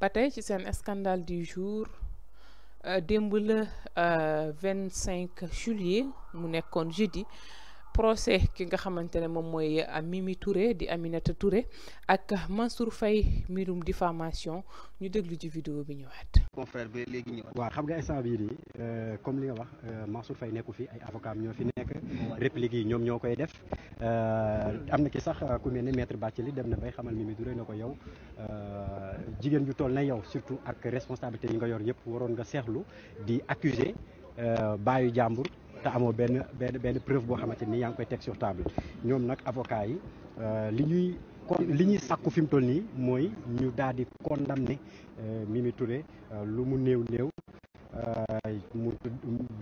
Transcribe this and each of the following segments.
ba tey ci seen scandale du jour euh, démb la euh, vingt cinq juillet mu nekkoon jeudi procès ki nga xamante ne moom mooy Mimi Touré di Aminata Touré ak Mansour Faye mirum diffamation ñu déglu ci vidéo bi ñëwaat. confrère bi léegi ñëwaat. waaw xam nga instant bii nii euh, comme li nga wax Mansour Faye nekku fi ay avocat ñoo fi nekk réplique yi ñoom ñoo koy def. Euh, amna na ci sax ku melni maître Bathily dem na bay xamal Mimi Touré na ko yow euh, jigen ju toll na yow surtout ak responsabilité yi nga yor yëpp waron nga seexlu di accuser euh, baayu jàmbur te amoo benn ben, ben preuve bo xamanteni yang koy tek sur table ñom nak avocat yi li ñuy kon li ñuy sàkku fi toll ni moy ñu daldi di condamné Mimi Touré lu mu néew euh mu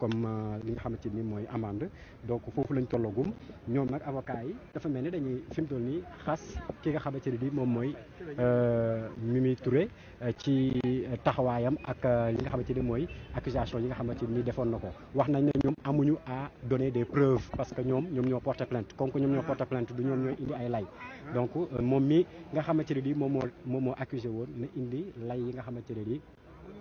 comme euh, li nga xamante ni mooy amende donc fofu lañ tollagum ñom nak avocat yi dafa melni dañuy fim mu toll nii ki nga xamante ne mom moy euh Mimi Touré euh, ci taxawayam ak euh, li nga xamante ni mooy accusation yi nga xamante ni defon nako wax nañ ñom amuñu à donner des preuves parce que ñom ñom ñoo porter plainte comme que ñoom ñoo porté plainte du ñom ñooy indi ay lay donc mom mi nga xamante ne bii moom moo moom accusé woon na indi lay yi nga xamante ne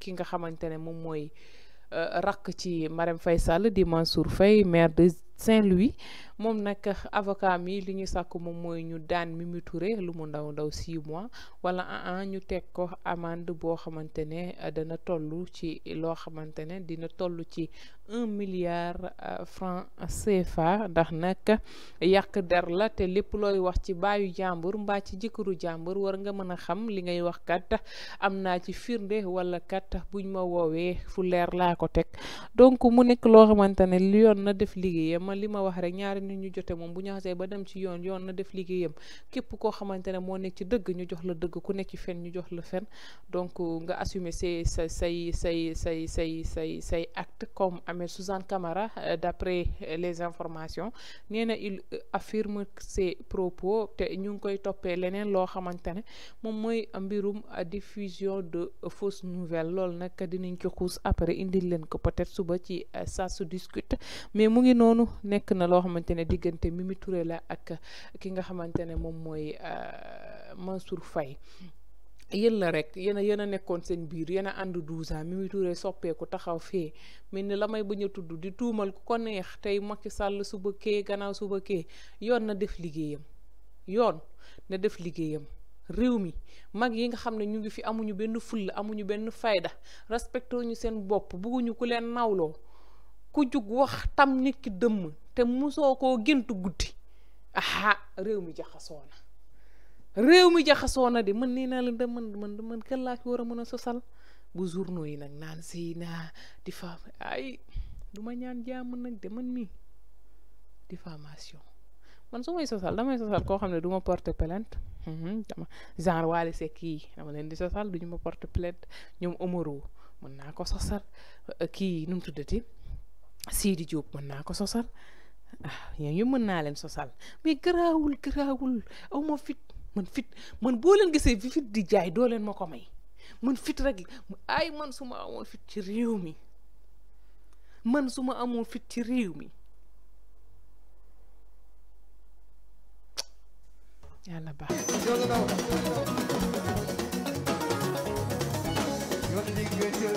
ki nga xamante ne moom mooy euh, rakk ci Marème Faye Sall di Mansour Faye maire de Saint-Louis mom nag avocat mi li ñu sàkk moom ñu daan Mimi Touré lu mu ndaw ndaw six mois wala ah ñu teg ko amende boo xamante euh, dana ci dina toll ci un milliard euh, franc CFA ndax nag yàq der la te lépp looy wax ci baayu jàmbur mbaa ci jëkkëru jàmbur war nga xam li ngay wax kat ci firnde wala kat buñ ma woowee fu leer laa ko teg donc mu na def man li ma wax rek ñaari ñu jote moom bu ñu xasee ba dem ci yoon yoon na def liggéeyam képp koo xamante ne moo nekk ci dëgg ñu jox la dëgg ku nekk ci fen ñu jox la fen donc nga assumer say say say say say say say say acte comme Ahmed Suzanne Camara euh, d'après euh, les informations nee na euh, affirme ses propos te ñu ngi koy toppee leneen loo xamante ne moom mooy mbirum diffusion de fausses nouvelles loolu nag dinañ ko xuus après indil leen ko peut suba ci ça se discute mais mu ngi noonu nekk na loo xamante ne diggante Mimi Touré la ak ki nga xamante ne moom mooy euh, Mansour fay yéen la rek yéen a a nekkoon seen biir yéen a ànd 12 ans Mimi Touré soppeeku taxaw fee mel ni la may bañ a tudd di tuumal ku ko neex tey Macky Sall suba kee gannaaw suba kee yoon na def liggéeyam yoon na def liggéeyam réew mi mag yi nga xam ne ñu ngi fi amuñu benn fulla amuñu benn fayda respecté ñu seen bopp bugguñu ku leen nawloo ku jug waxtam nit ki so te muso ko gintu guddi aha rew mi jaxasoo rew mi jaxasoo di mën nii la dem man man kan la ki wara meuna sosal bu journaux yi nag naan di naa ay duma ñaan jamm nak de man mii diffamation man sumay sosal damay sosal ko xamne duma porter plainte porte mhm, dama genre wale c'est qui dama len di sosal du ñu ma porte plainte ñom omoro man nako sosal ki num tuddati Sidi Diop mën naa ko sosal ah yéen yëpp mën naa leen sosal mais garaawul garaawul aw fit man fit man boo leen gisee bi fit di jaay doo leen ma ko may man fit rek ay man su ma amoon fit ci réew mi man su fit ci réew mi baax